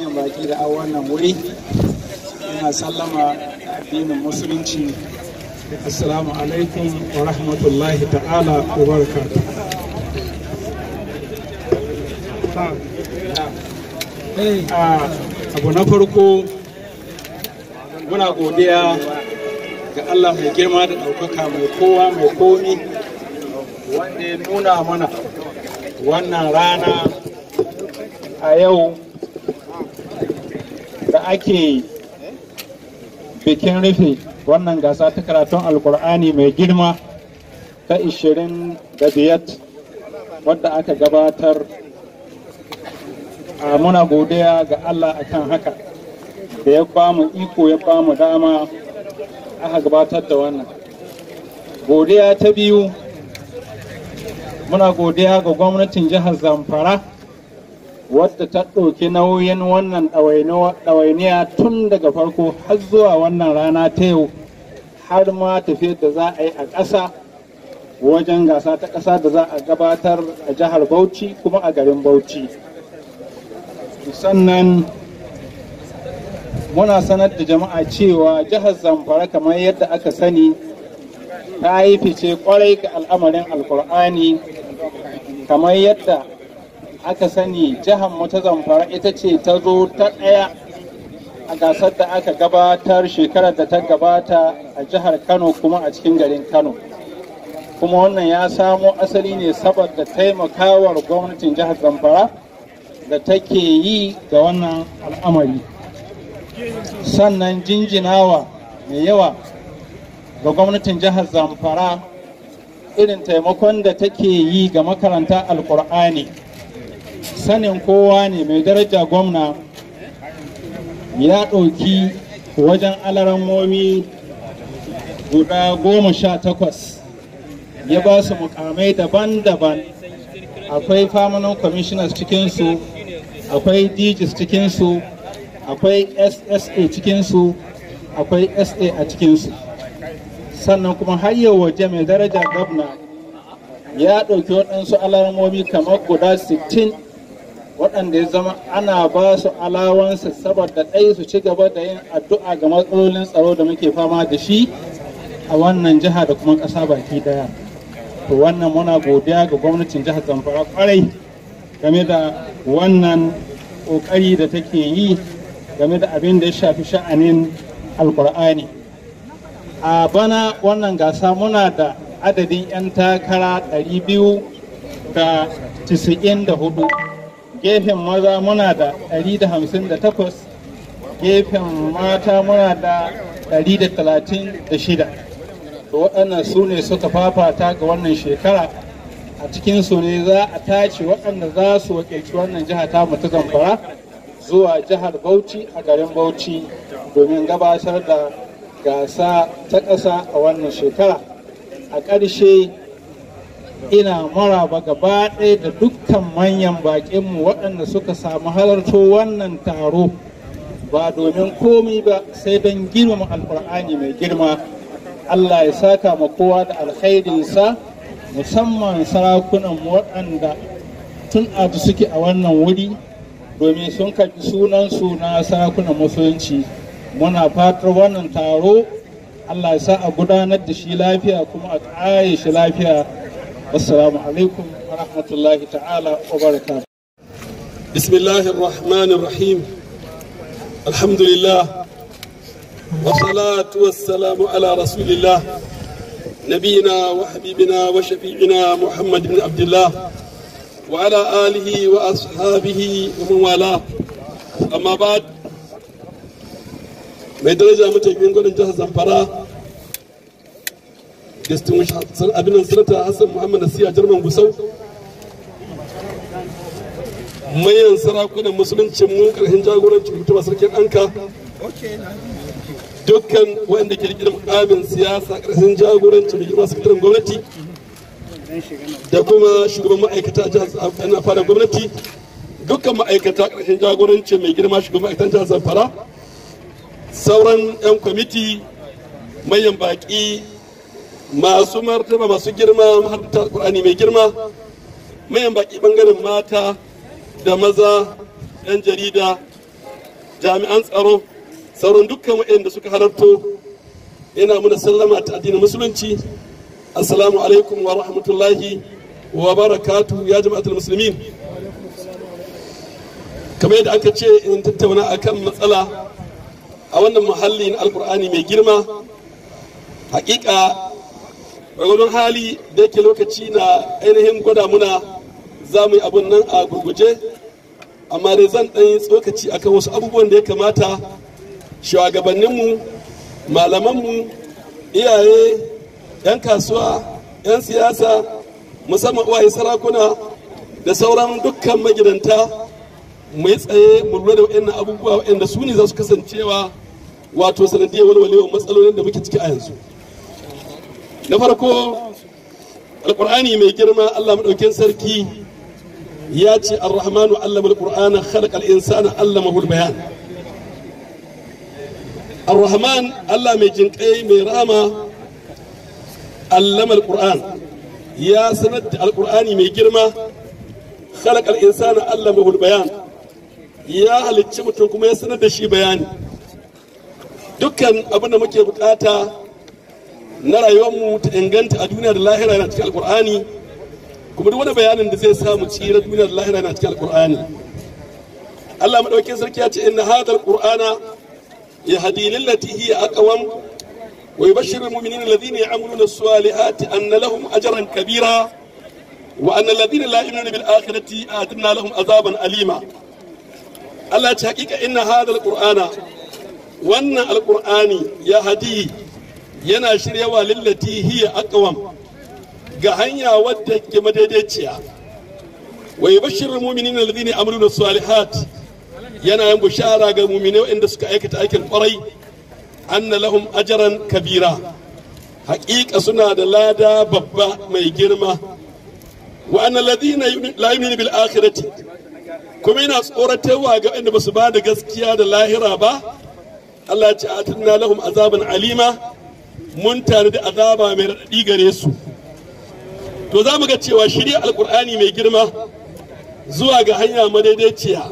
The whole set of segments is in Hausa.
manyan baki da wannan wuri ina sallama addinin musulunci assalamu alaikum wa rahmatullahi ta'ala wa barakatu ah, abu na farko muna godiya ga Allah mai girma da ɗaukaka mai kowa mai komi wanda ya nuna mana wannan rana a yau da ake bikin rufe wannan gasa ta karatun alkur'ani mai girma ta 25 wadda aka gabatar a muna godiya ga allah akan haka da ya bamu iko ya bamu dama aka gabatar da wannan godiya ta biyu muna godiya ga gwamnatin jihar zamfara wadda ta ɗauki nauyin wannan ɗawainiya tun daga farko har zuwa wannan rana ta yau har ma tafiyar da za a yi a ƙasa wajen gasa ta ƙasa da za a gabatar a jihar Bauchi kuma a garin Bauchi. Sannan muna sanar da jama'a cewa jihar Zamfara kamar yadda aka sani ta yi fice kwarai ga al'amarin Alkur'ani kamar yadda aka sani jihar mu ta zamfara ita ce ta zo ta ɗaya a gasar da aka gabatar shekarar da ta gabata a jihar kano kuma a cikin garin kano kuma wannan ya samo asali ne saboda taimakawar gwamnatin jihar zamfara da take yi ga wannan al'amari sannan jinjinawa mai yawa ga gwamnatin jihar zamfara irin taimakon da take yi ga makaranta alkur'ani sanin kowa ne mai daraja gwamna ya ɗauki wajen alarammomi guda goma sha takwas ya ba su mukamai daban-daban akwai permanent commissioners cikinsu akwai digis cikinsu akwai SSA cikinsu akwai SA a cikinsu sannan kuma har yau waje mai daraja gwamna ya ɗauki waɗansu alarmomi kamar guda sittin. waɗanda ya zama ana ba su alawansu saboda ɗai su ci gaba da yin addu'a ga matsalolin tsaro da muke fama da shi a wannan jiha da kuma ƙasa baki daya to wannan muna godiya ga gwamnatin jihar zamfara kwarai game da wannan ƙoƙari da take yi game da abin da ya shafi sha'anin alkur'ani a bana wannan gasa muna da adadin 'yan takara 294 gefen maza muna da 158 gefen mata muna da 136 to waɗannan su ne suka fafata ga wannan shekara a cikinsu ne za a tace waɗanda za su wakilci wannan jiha ta mutu zamfara zuwa jihar bauchi a garin bauchi domin gabatar da gasa ta ƙasa a wannan shekara a ƙarshe ina maraba gaba ɗaya da dukkan manyan baƙinmu waɗanda suka samu halarto wannan taro ba domin komi ba sai don girmama alfar'ani mai girma Allah ya saka ma kowa da alkhairinsa musamman sarakunan waɗanda tun a suke a wannan wuri domin sun kaji sunan na sarakunan musulunci muna fatar wannan taro Allah ya sa a gudanar da shi lafiya kuma a ƙare lafiya assalamu wa rahmatullahi ta'ala wa barakatuh bismillahir rahmanir rahim alhamdulillah والصلاة والسلام على رسول الله نبينا وحبيبنا وشفيعنا محمد بن عبد الله وعلى آله وأصحابه ومن والاه أما بعد mai daraja mataimakin gwanin jihar zamfara distinguished abinan sanata hassan muhammad nasiya jarman gusau mayan sarakunan musulunci mun karhin jagorancin mutuwa sarkin anka dukkan waɗanda ke rikirin mukamin siyasa karhin jagorancin mai girma sakataren gwamnati da kuma shugaban ma'aikata a fara gwamnati dukkan ma'aikata karshen jagoranci mai girma shugaban ma'aikatan jihar zamfara sauran 'yan kwamiti manyan baƙi masu martaba masu girma hatta alkur'ani mai girma mayan baki bangaren mata da maza yan jarida jami'an tsaro sauran dukkan waɗanda suka halarto yana muna sallama ta addinin musulunci assalamu alaikum wa rahmatullahi wa barakatu ya jama'atul muslimin kamar yadda aka ce in tattauna akan matsala a wannan muhallin na mai girma hakika gwargwadon hali da yake lokaci na ainihin gwada muna za mu yi abun nan a gurguje amma dai zan ɗanyi tsokaci akan wasu abubuwan da ya kamata shugabanninmu malamanmu iyaye 'yan kasuwa 'yan siyasa musamman uwaye sarakuna da sauran dukkan magidanta mu yi tsaye mu lura da waɗannan abubuwa waɗanda su ne za su kasancewa wato sanadiyar walwalewar matsalolin da muke ciki a yanzu na farko alkur'ani mai girma allah maɗaukin sarki ya ce arrahmanu allama alkur'ana khalaq al-insana allamahu bayan arrahman allah mai jinƙai mai rahama allama alkur'an ya sanar da alkur'ani mai girma khalaq al-insana allamahu bayan ya halicci mutum kuma ya sanar da shi bayani dukkan abin da muke bukata na rayuwarmu ta inganta a duniya da lahira yana cikin alkur'ani kuma duk wani bayanin da zai samu tsira duniya da lahira yana cikin alkur'ani Allah madaukakin sarki ya ce inna hadal qur'ana yahdi lil lati hiya aqwam wa yubashshiru al mu'minina alladhina ya'maluna as-salihati anna lahum ajran kabira wa anna alladhina la yu'minuna bil akhirati atina lahum azaban alima Allah ya ce hakika inna hadal qur'ana wannan alqur'ani ya hadi yana shiryawa lillati hiya akawam ga hanya wadda ke madaidaiciya wa yubashshirul mu'minina alladhina amiluna salihat yana yin bushara ga mu'minai inda suka aikata aikin kwarai anna lahum kabira haƙiƙa suna da lada babba mai girma wa anna ladina la yu'minuna bil akhirati kuma yana tsoratarwa ga waɗanda basu su ba da gaskiya da lahira ba Allah ya ce atanna lahum azaban alima mun tare da azaba mai raɗaɗi gare su to za mu ga cewa shirya alkur'ani mai girma zuwa ga hanya madaidaiciya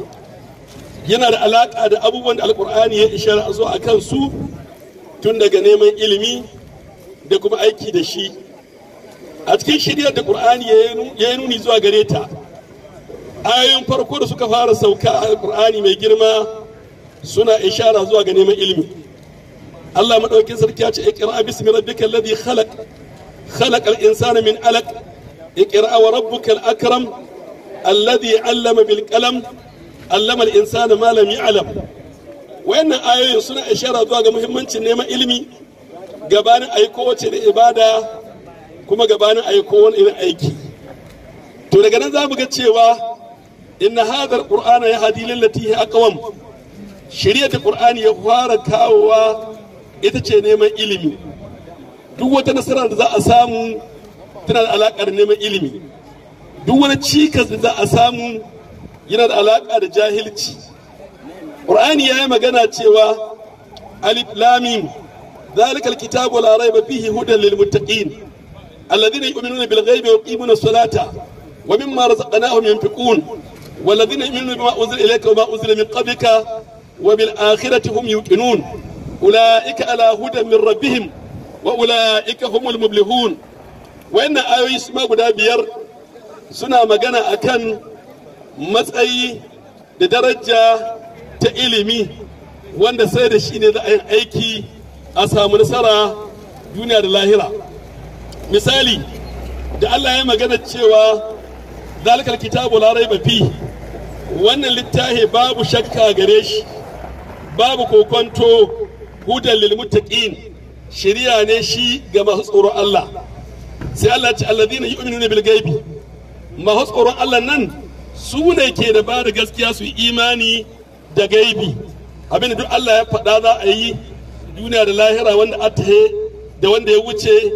yana da alaƙa da abubuwan da alkur'ani ya ishara zuwa a kansu tun daga neman ilimi da kuma aiki da shi a cikin shiryar da ƙur'ani ya yi nuni zuwa gare ta ayoyin farko da suka fara sauka a ƙur'ani mai girma suna ishara zuwa ga neman ilimi Allah madaukin sarki ya ce iqra bismi rabbikal ladhi khalaq khalaqal insana min alaq iqra wa rabbukal akram alladhi allama bil qalam allama al insana ma lam ya'lam wayannan ayoyin suna ishara zuwa ga muhimmancin neman ilimi gabanin ayi kowace da ibada kuma gabanin ayi kowane irin aiki to daga nan za mu ga cewa inna hadar qur'ana ya hadi lillati hi aqwam shari'atul qur'ani ya fara kawowa ita ce neman ilimi duk wata nasara da za a samu tana da alaƙa da neman ilimi duk wani cikas da za a samu yana da alaƙa da jahilci ƙur'ani ya yi magana cewa alif lamim zalikal kitabu la raiba fihi hudan lil muttaqin alladhina yu'minuna bil ghaibi wa yuqimuna as-salata wa mimma razaqnahum yunfiqun والذين يؤمنون بما أنزل إليك وما أنزل من قبلك وبالآخرة هم يوقنون ula'ika ala hudan min rabbihim wa ula'ika humul mublihun wayannan ayoyi su ma guda biyar suna magana akan matsayi da daraja ta ilimi wanda sai da shi ne za'a yin aiki a samu nasara duniya da lahira misali da Allah ya magana cewa zalikal kitabu la raiba wannan littafi babu shakka gare shi babu kokonto hudan lil shari'a shiriya ne shi ga masu tsoron Allah sai Allah ce alladina yu'minuna bil ghaibi masu tsoron Allah nan su ne ke da ba da gaskiya su imani da gaibi abin da duk Allah ya faɗa za a yi duniya da lahira wanda atahe da wanda ya wuce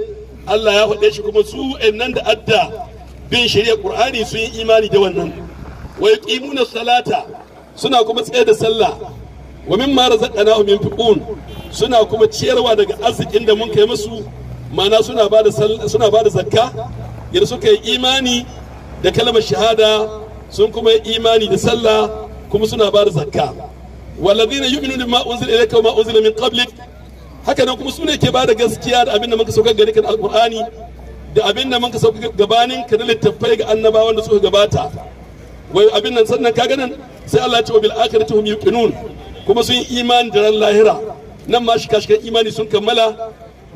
Allah ya faɗe shi kuma su nan da adda bin shari'a Qur'ani sun yi imani da wannan wa yuqimuna salata suna kuma tsaye da sallah wa min mimma razaqnahum yunfiqun suna kuma ciyarwa daga arzikin da mun kai musu ma'ana suna bada suna bada zakka idan suka yi imani da kalmar shahada sun kuma yi imani da sallah kuma suna bada zakka walladhina yu'minuna bima unzila ilayka wa ma unzila min qablik haka nan kuma su ne ke bada gaskiya da abin da muka saukar gare kan alqur'ani da abin da muka saukar gabanin ka da littattafai ga annabawan da suka gabata wai abin nan sannan kaga nan sai Allah ya ce wa bil akhirati hum yuqinun kuma sun yi imani da ran lahira nan ma shika imani sun kammala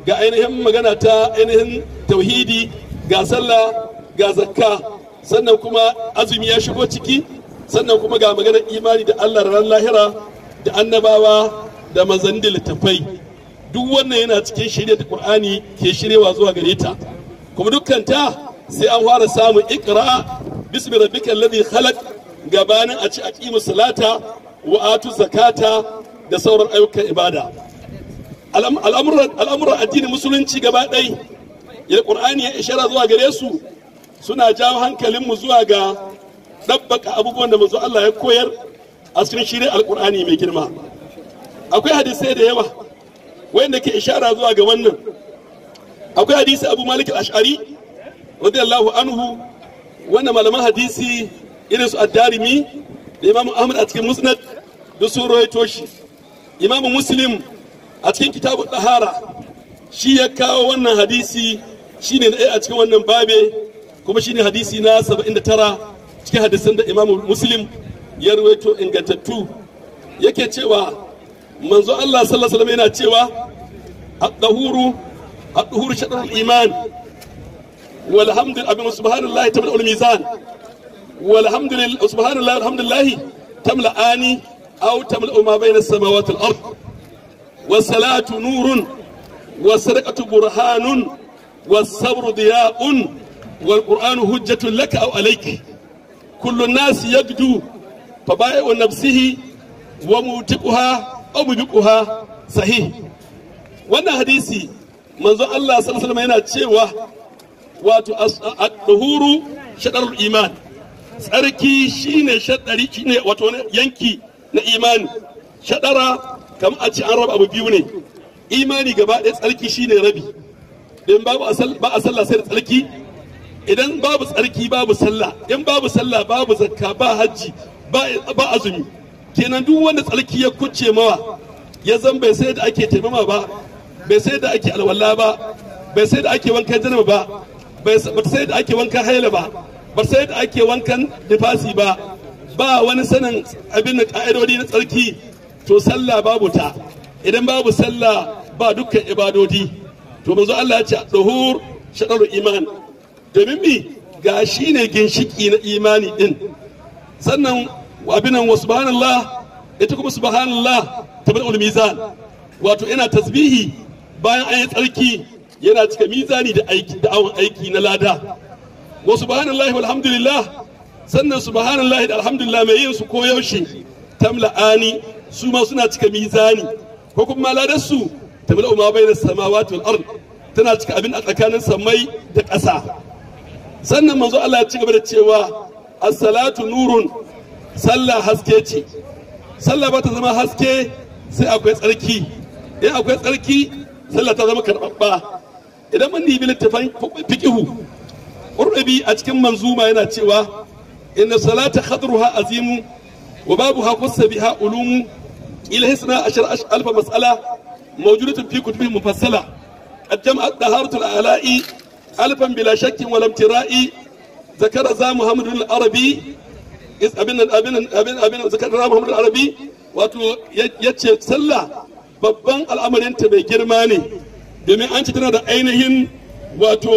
ga ainihin magana ta ainihin tauhidi ga sallah ga zakka sannan kuma azumi ya shigo ciki sannan kuma ga maganar imani da allah ran lahira da annabawa da manzanni da littattafai duk wannan yana cikin shirya da qur'ani ke shiryawa zuwa gare ta kuma dukkan ta sai an fara samun ikra bismi rabbikal ladhi khalaq gabanin a ci aqimu salata Wa'atu zakata da sauran ayyukan ibada al'amuran addinin musulunci gaba ɗai ya ƙur'ani ya ishara zuwa gare su suna jawo hankalinmu zuwa ga ɗabbaka abubuwan da manzo Allah ya koyar a cikin shirin alƙur'ani mai girma akwai hadisai da yawa wanda ke ishara zuwa ga wannan akwai hadisi abu malik al-ash'ari radiyallahu anhu wanda malaman hadisi irin su ad-darimi da imamu ahmad a cikin musnad da sun rawaito shi imamu muslim a cikin kitabu ɗahara shi ya kawo wannan hadisi shine na a cikin wannan babe kuma shi ne hadisi na 79 cikin hadisan da imamu muslim ya rawaito ingantattu yake cewa manzo Allah sallallahu alaihi yana cewa at-tahuru at-tahuru al iman walhamdulillah abin subhanallahi tamla al-mizan walhamdulillah subhanallahi alhamdulillah tamla ani أو تملأ ما بين السماوات والأرض والصلاة نور والصدقة برهان والصبر ضياء والقرآن هجة لك أو عليك كل الناس يجدو فبائع نفسه وموتقها أو مبقها صحيح wannan hadisi manzo Allah sallallahu alaihi yana cewa wato ad-duhuru shadarul iman tsarki shine shadari shine wato yanki na imani shaɗara kam a ci an raba abu biyu ne imani gaba ɗaya tsarki shine rabi in babu ba a sallah sai da tsarki idan babu tsarki babu sallah in babu sallah babu zakka ba hajji ba azumi kenan duk wanda tsarki ya kuce mawa ya zan bai sai da ake taimama ba bai sai da ake alwala ba bai sai da ake wankan janaba ba bai sai da ake wankan haila ba ba sai da ake wankan nifasi ba ba wani sanin abin da ka'idodi na tsarki to sallah babu ta idan babu sallah ba dukkan ibadodi to manzo Allah ya ce duhur shadaru iman domin mi ga shi ne ginshiki na imani din sannan abin nan wa subhanallah ita kuma subhanallah tabar mizan wato ina tasbihi bayan an yi tsarki yana cika mizani da aiki da awon aiki na lada wa subhanallahi walhamdulillah sannan su subhanallahi da alhamdulillah mai yin su ko yaushe tamla'ani su ma suna cika mizani ko kuma ladar su tamla'u ma bai da samawati wal ard tana cika abin a tsakanin samai da ƙasa sannan manzo Allah ya ci gaba da cewa as-salatu nurun sallah haske ce sallah ba ta zama haske sai akwai tsarki in akwai tsarki sallah ta zama karɓaɓɓa idan mun dibi littafin fiqihu qurbi a cikin manzuma yana cewa inna salata khadruha azimu wa babuha qussa biha ulumu ila hisna ashar alf mas'ala mawjudatun fi kutubin mufassala qad jama'at daharatul ala'i alfan bila shakkin wa lam za muhammadu arabi wato yace sallah babban al'amarinta bai girma ne domin an ci tana da ainihin wato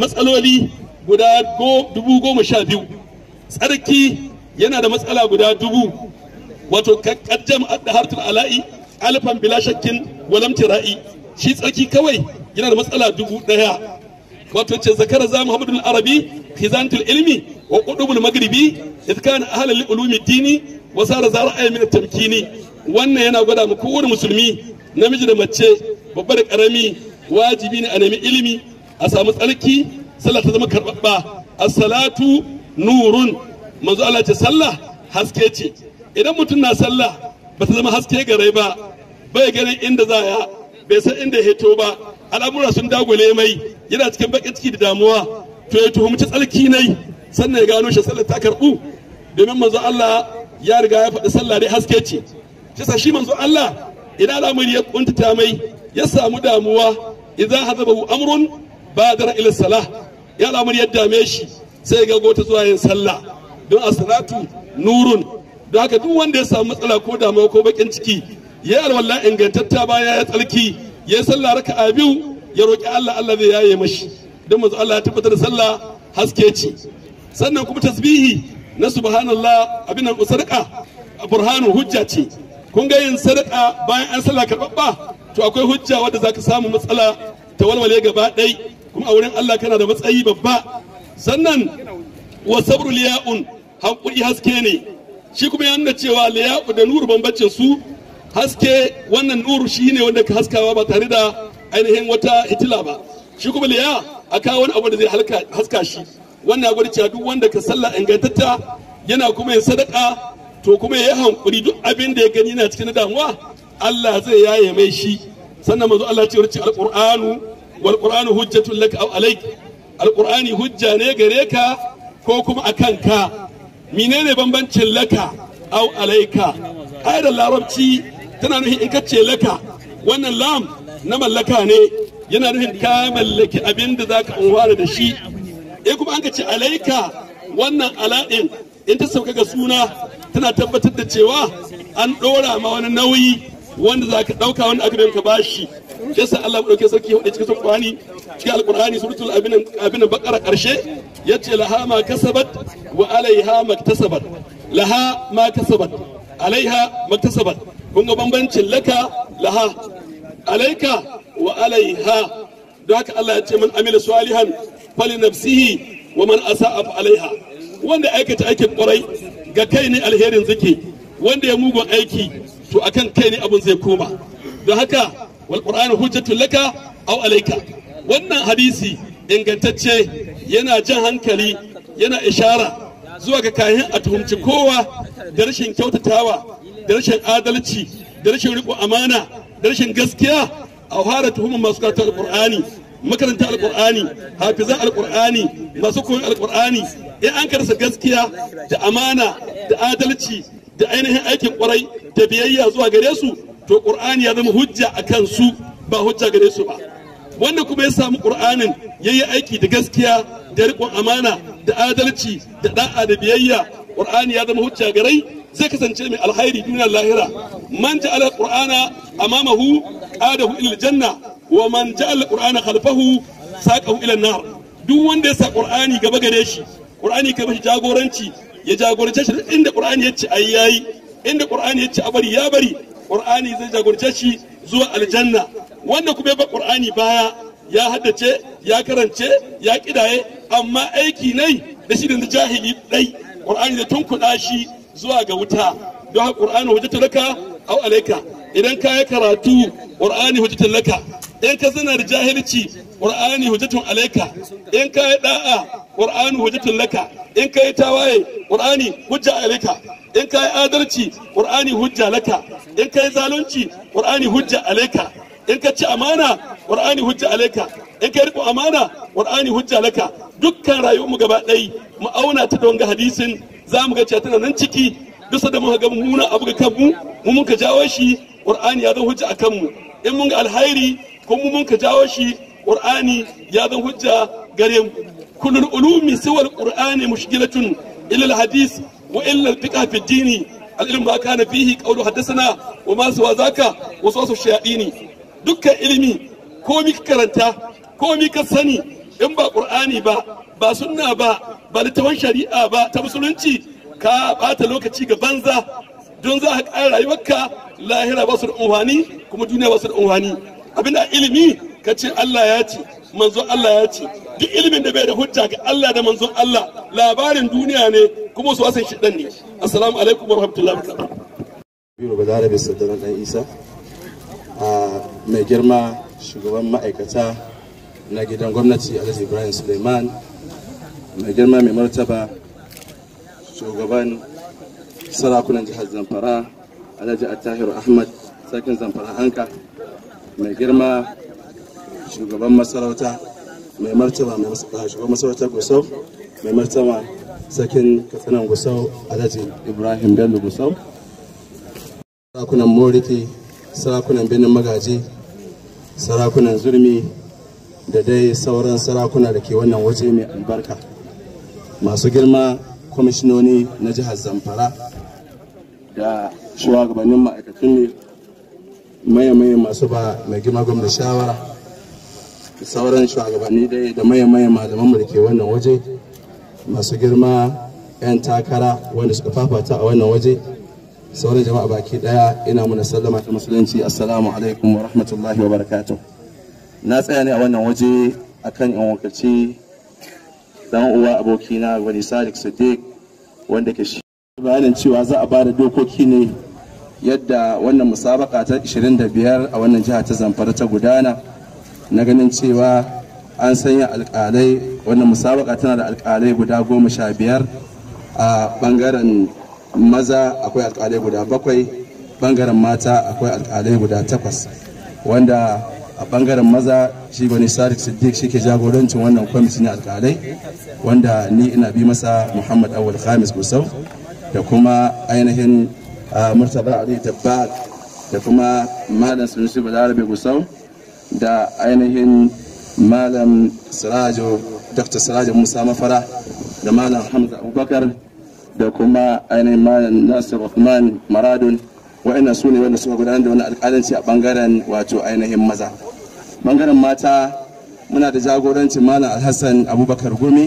matsaloli guda dubu goma sha biyu tsarki yana da matsala guda dubu wato kaddam addahartul ala'i alfan bila shakkin walam ra'i shi tsarki kawai yana da matsala dubu daya wato ce zakara za muhammadul arabi khizantul ilmi wa qudubul maghribi idh kana ahlul ulumi dini wa sara zara'ay min tamkini wannan yana gwada mu kowane musulmi namiji da mace babba da karami wajibi ne a nemi ilimi a samu tsarki sallah ta zama karɓaɓɓa as-salatu nurun manzo Allah ce sallah haske ce idan mutum na sallah ba ta zama haske gare ba bai ganin inda za ya bai san inda ya heto ba al'amura sun dagule mai yana cikin baƙin ciki da damuwa to ya tuhumci tsarki nai sannan ya gano shi sallar ta karɓu domin manzo Allah ya riga ya faɗi sallah dai haske ce shi shi manzo Allah idan al'amari ya kuntata mai ya samu damuwa idan hazabahu amrun badara ila salah ya al'amari ya dame shi sai ga gota zuwa yin sallah don asratu nurun don haka duk wanda ya samu matsala ko damuwa ko bakin ciki ya alwala ingantatta baya ya tsarki ya sallah raka a biyu ya roƙi Allah Allah zai yaye mashi don mazu Allah ya tabbatar da sallah haske ce sannan kuma tasbihi na subhanallah abin nan a burhanu hujja ce kun ga yin sadaka bayan an sallah ba to akwai hujja wadda zaka samu matsala ta walwale gaba ɗai kuma a wurin Allah kana da matsayi babba sannan wa sabru liya'un hankuri haske ne shi kuma ya nuna cewa liya'u da nuru bambancin su haske wannan nuru shi ne wanda ka haskawa ba tare da ainihin wata itila ba shi kuma liya a kawo wani abu da zai haska shi wannan gwada cewa duk wanda ka sallah ingantatta yana kuma yin sadaka to kuma ya yi hankuri duk abin da ya gani yana cikin damuwa Allah zai yaye mai shi sannan mazu Allah ce warci alqur'anu wal qur'anu hujjatul lak aw alayk alkur'ani hujja ne gare ka ko kuma a kanka menene bambancin laka au alaika ayar larabci tana nufin in ce laka wannan lam na mallaka ne yana nufin ka mallaki abin da zaka unwara da shi E, kuma an ka ce alaika wannan ala'in in ta sauka ga suna tana tabbatar da cewa an ɗora ma wani nauyi wanda za ka ɗauka wanda aka ka bashi yasa Allah ya ɗauke sarki hudu cikin Qur'ani cikin Al-Qur'ani suratul abin abin bakara Ya ce, laha ma kasabat wa alaiha maktasabat laha ma kasabat alaiha maktasabat kun ga bambancin laka laha alaika wa alaiha don haka Allah ya ce man amila salihan fali nafsihi wa man asa'a fa alaiha wanda aikata aikin ƙwarai, ga kai ne alherin zake wanda ya mugun aiki to akan kai ne abin zai koma don haka wal qur'anu hujjatul laka aw alayka wannan hadisi ingantacce yana jan hankali yana ishara zuwa ga kayan a tuhumci kowa da rashin kyautatawa da rashin adalci da rashin riko amana da rashin gaskiya a fara tuhumar masu karatun alkur'ani makaranta alkur'ani hafizan alkur'ani masu koyon alkur'ani in an karsa gaskiya da amana da adalci da ainihin aikin kwarai da biyayya zuwa gare su to qur'ani ya zama hujja akan su ba hujja gare su ba wanda kuma ya samu qur'anin yayi aiki da gaskiya da riƙon amana da adalci da da'a da biyayya qur'ani ya zama hujja gare zai kasance mai alhairi duniyar lahira man ja'ala qur'ana amamahu qadahu ila janna wa man ja'ala qur'ana khalfahu saqahu ila nar duk wanda ya sa qur'ani gaba gare shi qur'ani kai bashi jagoranci ya jagorance shi inda qur'ani ya ce ai yayi inda qur'ani ya ce a bari ya bari qur'ani zai jagorce shi zuwa aljanna wanda kuma ya ba qur'ani baya ya haddace ya karance ya kidaye amma aiki nai da shi da jahili dai qur'ani da tunkuda shi zuwa ga wuta don haka qur'ani hujjatu laka aw alayka idan ka yi karatu qur'ani hujjatu laka in ka zana da jahilci qur'ani hujjatun alayka in ka yi da'a qur'anu hujjatun laka in kai tawaye qur'ani hujja alayka in kai adalci qur'ani hujja laka in kai zalunci qur'ani hujja alayka in ka ci amana qur'ani hujja alayka in ka riko amana qur'ani hujja laka dukkan rayuwar mu gaba ɗaya mu auna ta da hadisin za mu ga cewa tana nan ciki duk da muka ga mummunan abu ga kanmu mu mun ka jawo shi qur'ani ya zama hujja akan mu in mun ga alhairi ko mun ka jawo shi qur'ani ya zan hujja gare mu kullul ulumi siwal qur'ani mushkilatun illa al-hadith wa illa al-fiqh fi ad al-ilm ma kana fihi qawlu haddathana wa ma suwa zaka wa suwasu shayadini Dukka ilimi ko mi karanta ko mi ka sani in ba qur'ani ba ba sunna ba ba littafin shari'a ba ta musulunci ka bata lokaci ga banza don za a ƙara rayuwarka lahira ba su da unhwani kuma duniya ba su da unhwani abin na ilimi ka ce Allah ya ce manzo Allah ya ce duk ilimin da bai da hujja ga Allah da manzon Allah labarin duniya ne kuma su wasan shi ne assalamu alaikum wa rahmatullahi wa biro bazara bai saddana Isa a mai girma shugaban ma'aikata na gidan gwamnati Alhaji Ibrahim Suleiman mai girma mai martaba shugaban sarakunan jihar Zamfara Alhaji Attahiru Ahmad sarkin Zamfara Anka mai girma shugaban masarauta mai martaba ah, shugaban masarautar gusau mai martaba sakin katsinan gusau alhaji ibrahim bello gusau sarakunan moriki sarakunan birnin magaji sarakunan zurmi da dai sauran sarakuna da ke wannan waje mai albarka masu girma kwamishinoni na jihar zamfara da shugabannin ma'aikatun ne maye-maye masu ba mai gima gwamna shawara sauran shugabanni dai da maye-maye mu da ke wannan waje masu girma 'yan takara wanda suka fafata a wannan waje sauran jama'a baki daya ina muna sallama ta musulunci assalamu alaikum wa rahmatullahi wa barakatuh na tsaya ne a wannan waje akan yan wakilci dan uwa abokina wani sadiq sadiq wanda ke shi bayanin cewa za a bada dokoki ne yadda wannan musabaka ta 25 a wannan jiha ta zamfara ta gudana na ganin cewa an sanya alkalai wannan musabaka tana da alkalai guda goma sha biyar a bangaren maza akwai alkalai guda bakwai bangaren mata akwai alkalai guda takwas wanda a bangaren maza shi gwani sadiq siddiq shi ke jagorancin wannan kwamiti na alkalai wanda ni ina bi masa muhammad awul khamis gusau da kuma ainihin murtala ali tabbad da kuma malam sunusi balarabe gusau da ainihin malam sirajo dr sirajo musa mafara da malam hamza abubakar da kuma ainihin malam nasir rahman maradun wa'ina su ne wanda suka gudanar da wani alƙalanci a bangaren wato ainihin maza bangaren mata muna da jagorancin malam alhassan abubakar gumi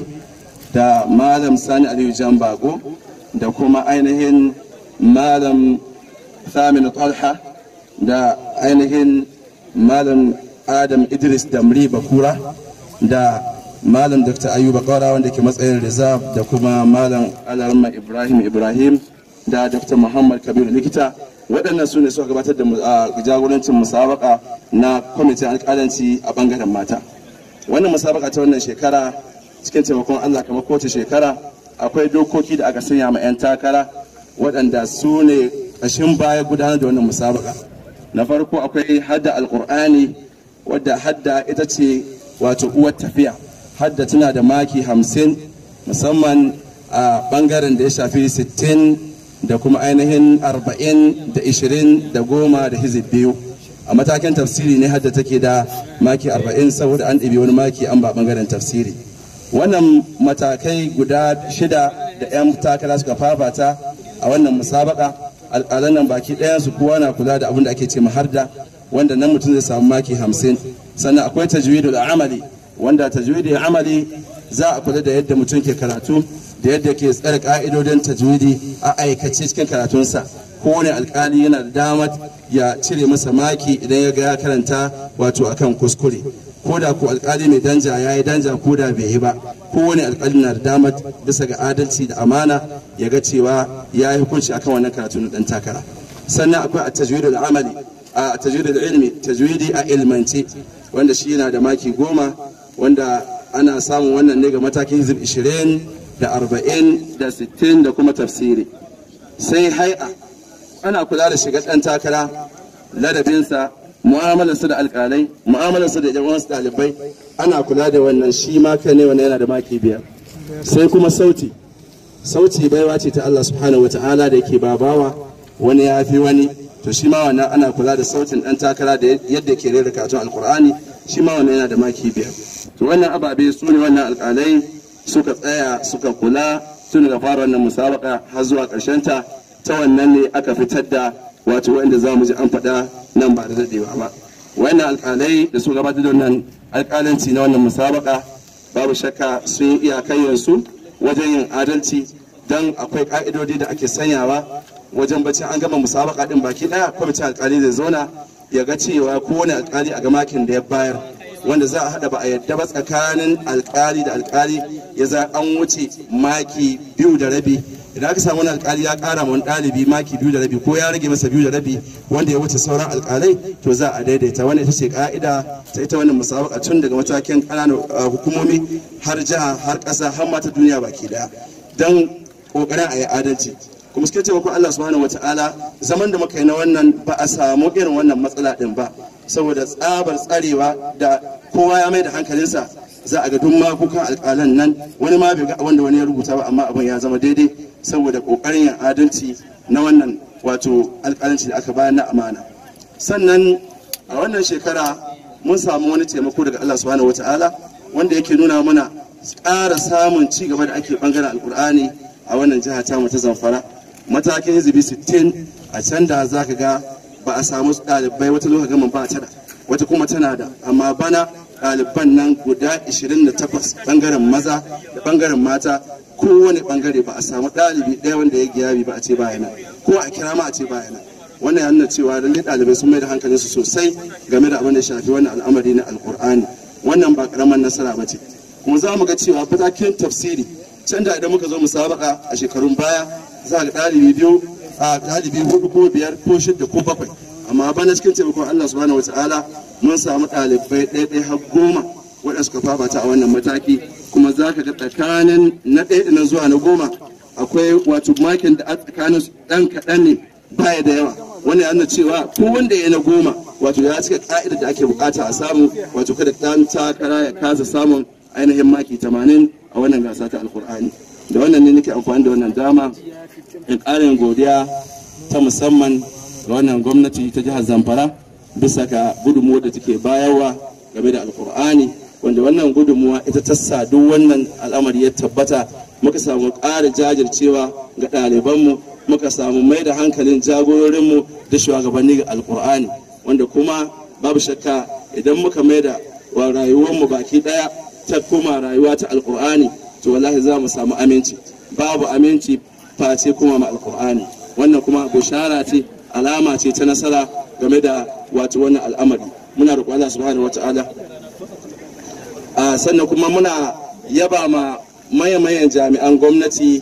da malam sani aliyu jan bago da kuma ainihin malam samin talha da ainihin malam adam idris damri bakura da malam dr ayuba Kora wanda ke matsayin reserve da kuma malam alarma ibrahim ibrahim da dr muhammad kabiru likita waɗannan su ne suka gabatar da jagorancin musabaka na kwamitin alƙalanci a ɓangaren mata wannan musabaka ta wannan shekara cikin taimakon allah kamar kowace shekara akwai dokoki da aka sanya ma 'yan takara waɗanda su ne ƙashin baya gudanar da wannan musabaka na farko akwai hadda alkur'ani wadda hadda ita ce wato uwar tafiya hadda tana da maki hamsin musamman a ɓangaren da ya shafi sittin da kuma ainihin arba'in da ishirin da goma da hizib biyu a matakin tafsiri ne hadda take da maki arba'in saboda an ɗibi wani maki an ba ɓangaren tafsiri wannan matakai guda shida da 'yan takara suka fafata a wannan musabaka alƙalan nan baki ɗayan su kowa na kula da abin da ake ce maharda wanda nan mutum zai samu maki hamsin sannan akwai tajwidul amali wanda tajwidul amali za a kula da yadda mutum ke karatu da yadda ke tsare ka'idodin tajwidi a aikace cikin karatunsa kowane alkali yana da damar ya cire masa maki idan ya ga ya karanta wato akan kuskure ko da ko alkali mai danja ya yi danja ko da bai yi ba kowane alkali na da damar bisa ga adalci da amana ya ga cewa ya yi hukunci akan wannan karatu na dan takara sannan akwai a tajwidul amali a tajwidul ilmi tajwidi a ilmance wanda shi yana da maki goma wanda ana samun wannan ne ga matakin hizib 20 da 40 da 60 da kuma tafsiri sai hai'a ana kula da shiga dan takara ladabinsa su da alƙalai su da yawansu ɗalibai ana kula da wannan shi maka ne wannan yana da maki biyar sai kuma sauti sauti baiwa ce ta Allah subhanahu wata'ala da yake babawa wani ya fi wani to shi ma wannan ana kula da sautin dan takara da yadda ke rera katun alkur'ani shi ma wannan yana da maki biyar to wannan ababe su ne wannan alƙalai suka tsaya suka kula tun daga fara wannan musabaka har zuwa ƙarshen ta ta wannan ne aka fitar da wato wanda za mu ji an faɗa nan ba da daɗewa ba wannan alƙalai da su gabatar da wannan alƙalanci na wannan musabaka babu shakka sun yi iyakayyarsu wajen yin adalci don akwai ka'idodi da ake sanyawa wajen bacci an gama musabaka din baki daya kwamitin alkali zai zauna ya ga cewa kowane alkali a gamakin da ya bayar wanda za a haɗa ba a yadda ba tsakanin alkali da alkali ya za an wuce maki biyu da rabi idan aka samu wani alkali ya kara wani ɗalibi maki biyu da rabi ko ya rage masa biyu da rabi wanda ya wuce sauran alkalai to za a daidaita wannan ita ce ka'ida ta ita wannan musabaka tun daga matakin ƙananan uh, hukumomi har jiha har ƙasa har ma ta duniya baki daya don ƙoƙarin a yi adalci kuma suke ko Allah subhanahu wataala zaman da muka yi na wannan ba a samu irin wannan matsala din ba saboda tsabar tsarewa da kowa ya mai da hankalinsa za a ga duk makukan alƙalan nan wani ma bai ga wanda wani ya rubuta ba amma abin ya zama daidai saboda ƙoƙarin yin adalci na wannan wato alƙalanci da aka bayar na amana sannan a wannan shekara mun samu wani taimako daga Allah subhanahu wataala wanda yake nuna mana ƙara samun ci gaba da ake bangaren Alkur'ani a wannan jiha ta mu ta zamfara matakin hizibi 60 a can da za ka ga ba a samu ɗalibai wata lokacin ba ta wata kuma tana da amma bana ɗaliban nan guda 28 ɓangaren maza da ɓangaren mata kowane ɓangare ba a samu ɗalibi ɗaya wanda ya giyabi ba a ce bayana ko a kira ma a ce bayana wannan ya nuna cewa lallai ɗalibai sun mai da su sosai game da abin da shafi wannan al'amari na alkur'ani wannan ba karamar nasara ba ce kuma za mu ga cewa fatakin tafsiri can da idan muka zo mu sabaka a shekarun baya za ga ɗalibi biyu a ɗalibi hudu ko biyar ko shidda ko bakwai amma bana cikin taimakon Allah subhanahu wataala mun samu ɗalibai ɗaiɗai har goma waɗanda suka fafata a wannan mataki kuma za ka ga tsakanin na ɗaiɗai na zuwa na goma akwai wato makin da a tsakanin ɗan kaɗan ne baya da yawa wannan ya nuna cewa ko wanda ya na goma wato ya cika ka'idar da ake bukata a samu wato kada ɗan takara ya kasa samun ainihin maki tamanin a wannan gasa ta alkur'ani da wannan ne nake amfani da wannan dama in ƙarin godiya ta musamman ga wannan gwamnati ta jihar zamfara bisa ga gudunmuwa da take bayarwa game da alkur'ani wanda wannan gudunmuwa ita ta sa duk wannan al'amari ya tabbata muka samu ƙara jajircewa ga ɗalibanmu muka samu mai da hankalin jagororinmu da shugabanni ga alkur'ani wanda kuma babu shakka idan muka mai da wa rayuwarmu baki ɗaya ta kuma rayuwa ta alkur'ani to wallahi za mu samu aminci babu aminci face kuma ma alkur'ani wannan kuma bushara ce alama ce ta nasara game da wato wannan al'amari muna roƙon Allah subhanahu wata'ala a sannan kuma muna yaba ma mayan jami'an gwamnati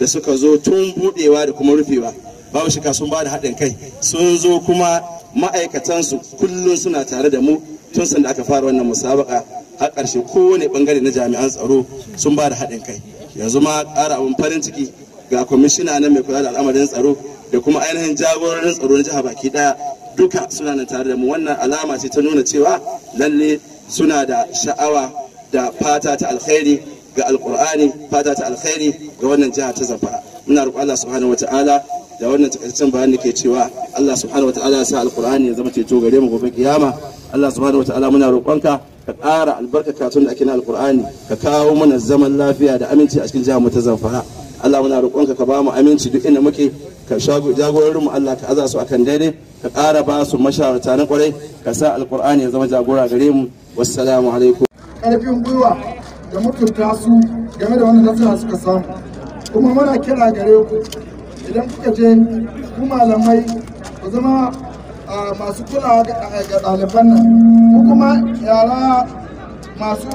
da suka zo tun budewa da kuma rufewa babu shika sun bada haɗin kai sun zo kuma ma'aikatansu kullum suna tare da mu tun sanda aka fara wannan musabaka har ƙarshe kowane bangare na jami'an tsaro sun bada haɗin kai yanzu ma ƙara abin farin ciki ga kwamishina na mai kula da al'amarin tsaro da kuma ainihin jagororin tsaro na jiha baki daya duka suna nan tare da mu wannan alama ce ta nuna cewa lalle suna da sha'awa da fata ta alkhairi ga alkur'ani fata ta alkhairi ga wannan jiha ta zamfara muna roƙon Allah subhanahu wataala da wannan takaitaccen bayani ke cewa Allah subhanahu wataala ya sa alkur'ani ya zama ceto gare mu gobe kiyama Allah subhanahu wataala muna roƙonka ka ƙara albarka katun da ake na alkur'ani ka kawo mana zaman lafiya da aminci a cikin jiha mu ta zamfara Allah muna roƙonka ka ba mu aminci duk inda muke ka jagororin mu Allah ka aza su akan daidai ka ƙara ba su mashawarta na ƙwarai, ka sa Alƙur'ani ya zama jagora gare mu wassalamu alaikum ƙarfin gwiwa da mutunta su game da wannan nasara suka samu kuma muna kira gare ku idan kuka je ku malamai ku zama masu kulawa ga ɗaliban nan ko kuma yara masu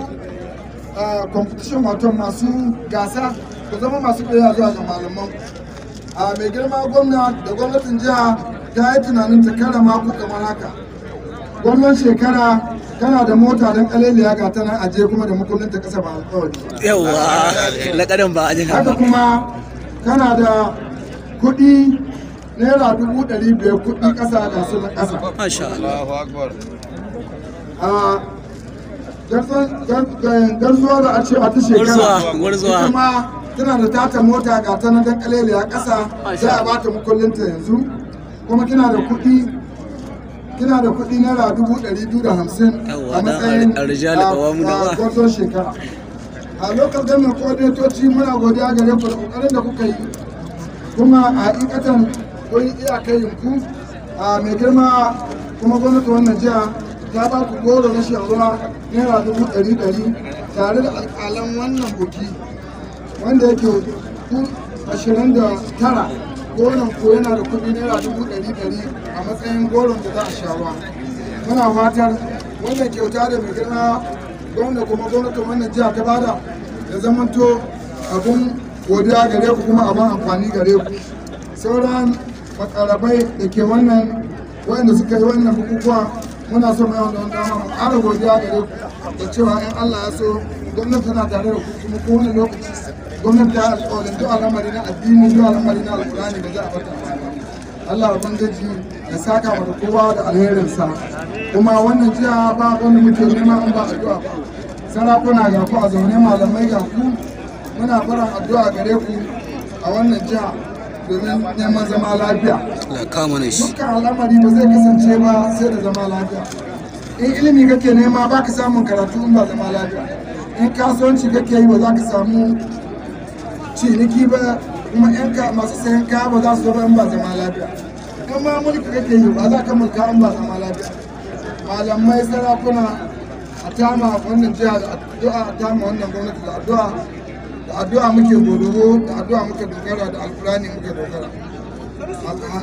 competition wato masu gasa ku zama masu koya zuwa ga malaman a mai girma gwamna da gwamnatin jiha ta yi tunanin ta kara mako kamar haka gwamnan shekara tana da mota don kaleliya ga tana aje kuma da makullin ta kasa ba alkawari yawa lakarin ba aje haka kuma tana da kuɗi naira dubu ɗari biyar kuɗi ƙasa da su na ƙasa masha Allah garzuwa da a ce a ta shekara kuma tana da tata mota ga ta na dakalele a ƙasa sai a bata ta yanzu kuma kina da kuɗi kina da kuɗi naira dubu ɗari biyu da hamsin a matsayin gwarzon shekara a lokacin gamin kodetoci muna godiya gare ku da ƙoƙarin da kuka yi kuma a ikatan kun kai ku a mai girma kuma gwamnati wannan jiya ta ba ku goro na shekara naira dubu ɗari ɗari tare da alƙalan wannan buki wanda yake ashirin da tara goron ko yana da kudi naira dubu ɗari ɗari a matsayin goron da za a sha ruwa muna fatar wannan kyauta da mai girma gwamna kuma gwamnatin wannan jiha ta bada da zamanto abun godiya gare ku kuma abin amfani gare ku sauran makarabai da ke wannan wanda suka yi wannan bukukuwa muna so mai wannan dama mu ƙara godiya gare ku da cewa in Allah ya so gwamnati tana tare da ku kuma kowane lokaci gwamnati ya ta alƙawarin duk al'amari na addini duk al'amari na alƙurani ba za a bata Allah ubangiji ya saka wa kowa da alherinsa kuma wannan jiya ba wani muke nema an ba addu'a ba sarakuna ga ku a zaune malamai ga ku muna barin addu'a gare ku a wannan jiha domin neman zama lafiya. Dukkan al'amari ba zai kasance ba sai da zama lafiya. In ilimi kake nema ba ka samun karatu in ba zama lafiya. In kasuwanci kake yi ba za ka samu ciniki ba kuma yan masu sayan kaya ba za su zama in ba zama lafiya in ma mulki kake yi ba za ka mulka in ba zama lafiya malamai sarakuna a tama wannan jiya da addu'a a tama wannan gwamnati da addu'a da addu'a muke godoro da addu'a muke dogara da alkurani muke dogara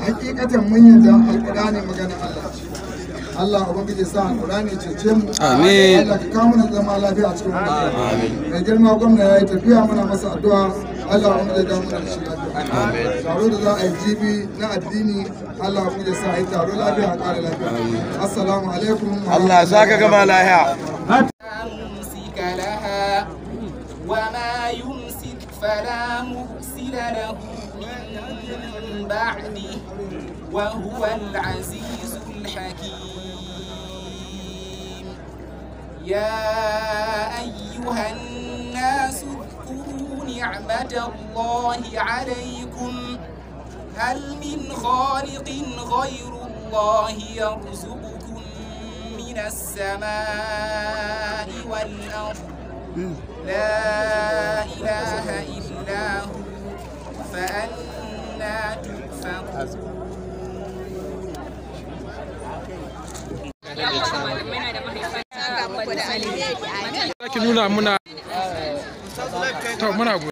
hakikatan mun yi da alkurani magana Allah Allah ubangiji sa alkurani cece mu amin Allah ka kawo mana zama lafiya a cikin mu amin mai girma gwamna yayi tafiya muna masa addu'a Allah mu da damu da shi taro da za a yi jibi na addini Allah mu da sa a yi taro lafiya a ƙara lafiya assalamu alaikum Allah ya saka gama lahiya وما يمسك فلا مرسل له من بعده وهو العزيز الحكيم يا أيها الناس نعمة الله عليكم هل من خالق غير الله يرزقكم من السماء والأرض لا إله إلا هو فأنا تؤفكون Ki nuna muna to muna